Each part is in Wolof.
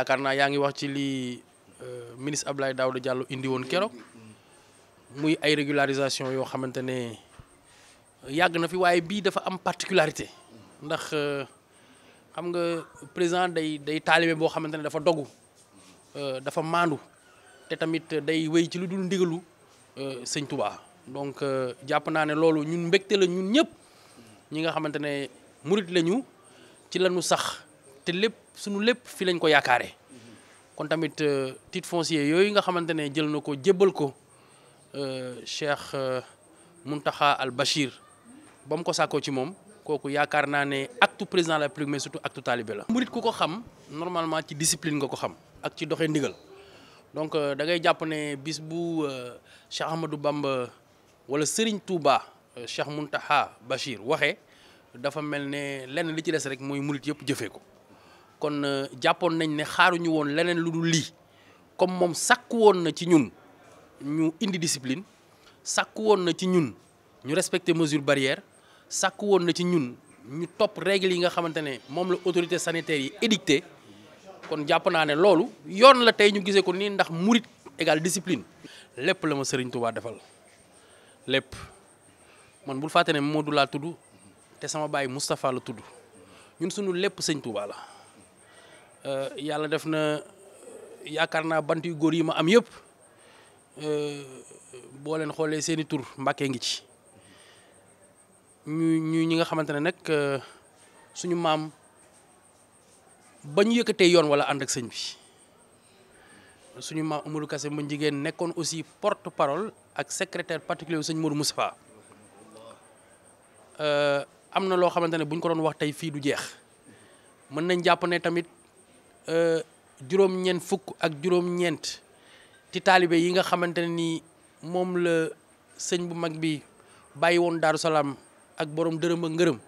yaakaar naa yaa ngi wax ci lii euh, ministre daaw Daouda Diallo indi woon keroog muy ay régularisation yoo xamante ne yàgg na fi waaye bii dafa am particularité ndax euh, xam nga président day day taalibe boo xamante ne dafa dogu euh, dafa maandu te tamit day wéy ci lu dul ndigalu sëñ Touba donc jàpp naa ne loolu ñun mbégte la ñun ñëpp ñi nga xamante murit lañu ci lañu sax te lépp sunu lépp fi lañ ko yaakaare kon tamit euh, titre foncier yooyu nga xamante ne jël na ko jébbal ko euh, Cheikh euh, Mountakha Al Bachir ba mu ko sàkkoo ci moom kooku yaakaar naa ne acte président la République mais surtout acte talibé la. murit ku ko xam normalement ci discipline nga ko xam ak ci doxee ndigal donc da ngay jàpp ne bis bu Cheikh Ahmadou Bamba wala Serigne Touba Cheikh Mountakha Bachir waxee dafa mel ne lenn li ci des rek mooy murit yëpp jëfee ko. kon euh, jàppoon nañ ne xaaruñu woon leneen lu lii comme moom sàkku woon na ci ñun ñu indi discipline sàkku woon na ci ñun ñu respecter mesure barrière sàkku woon na ci ñun ñu topp règles yi nga xamante ne moom la autorité sanitaire yi édicté kon jàpp naa ne loolu yoon la tey ñu gisee ko nii ndax murit égal discipline lépp la ma sëriñ Tuubaa defal lépp man bul fàtte ne Modou laa tudd te sama baay Moustapha la tudd ñun suñu lépp sëñ Tuubaa la Eh, yalla def na yaakaar naa bant yu yi ma am euh bo len xolé seeni tur mbàkkee ngi ci ñu ñi nga xamantene nak eh, suñu mam bañu ñu yoon wala and ak señ bi suñu maam Amadou kasse mo jigen nekkon aussi porte parole ak secrétaire particulier señ mourou Modou Moustapha eh, am na loo xamante ko doon wax tay fi du jeex mën nañ japp ne tamit. Euh, juróom-ñeent fuk ak juróom-ñeent ti tali yi nga xamante ne ni mom le sëñ bu mag bi bàyyi won Daaru ak borom dërëm ak ngërëm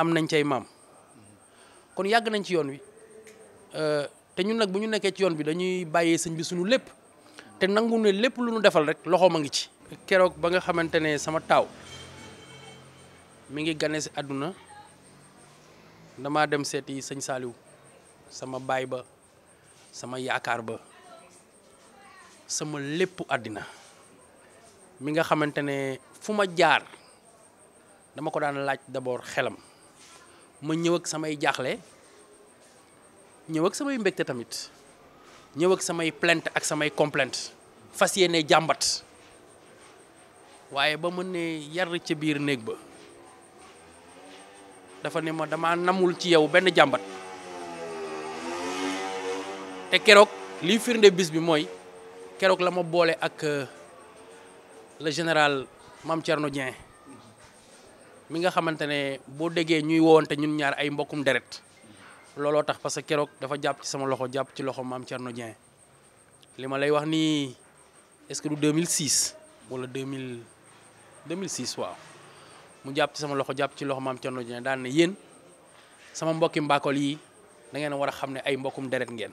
am nañ cay mam kon yàgg nañ ci yoon wi euh, te ñun nak bu ñu nekkee ci yoon bi dañuy bàyyee sëñ bi suñu te nangu ne lu ñu defal rek loxoom a ngi ci. keroog ba nga sama tau mi ngi aduna si dem seti sëñ sama baay ba sama yaakaar ba sama lépp àddina mi nga xamante ne fu ma jaar dama ko daan laaj d'abord xelam ma ñëw ak samay jaaxle ñëw ak samay mbégte tamit ñëw ak samay plent ak samay complainte fas yéene jàmbat waaye ba mën ne yar ca biir néeg ba dafa ne ma dama namul ci yow benn jàmbat te keroog liy firnde bis bi mooy keroog la ma boole ak euh, le général Mame Thierno Dieng mi nga xamante ne boo déggee ñuy woowante ñun ñaar ay mbokkum deret looloo tax parce que keroog dafa jàpp sama loxo jàpp ci loxo Mame Thierno Dieng li ma lay wax nii est-ce que du 2006 wala 2000 2006 waaw mu jàpp sama loxo jàpp ci loxo Mame Thierno Dieng daan ne yéen sama mbokki mbaakol yi da ngeen war a xam ne ay mbokkum deret ngeen.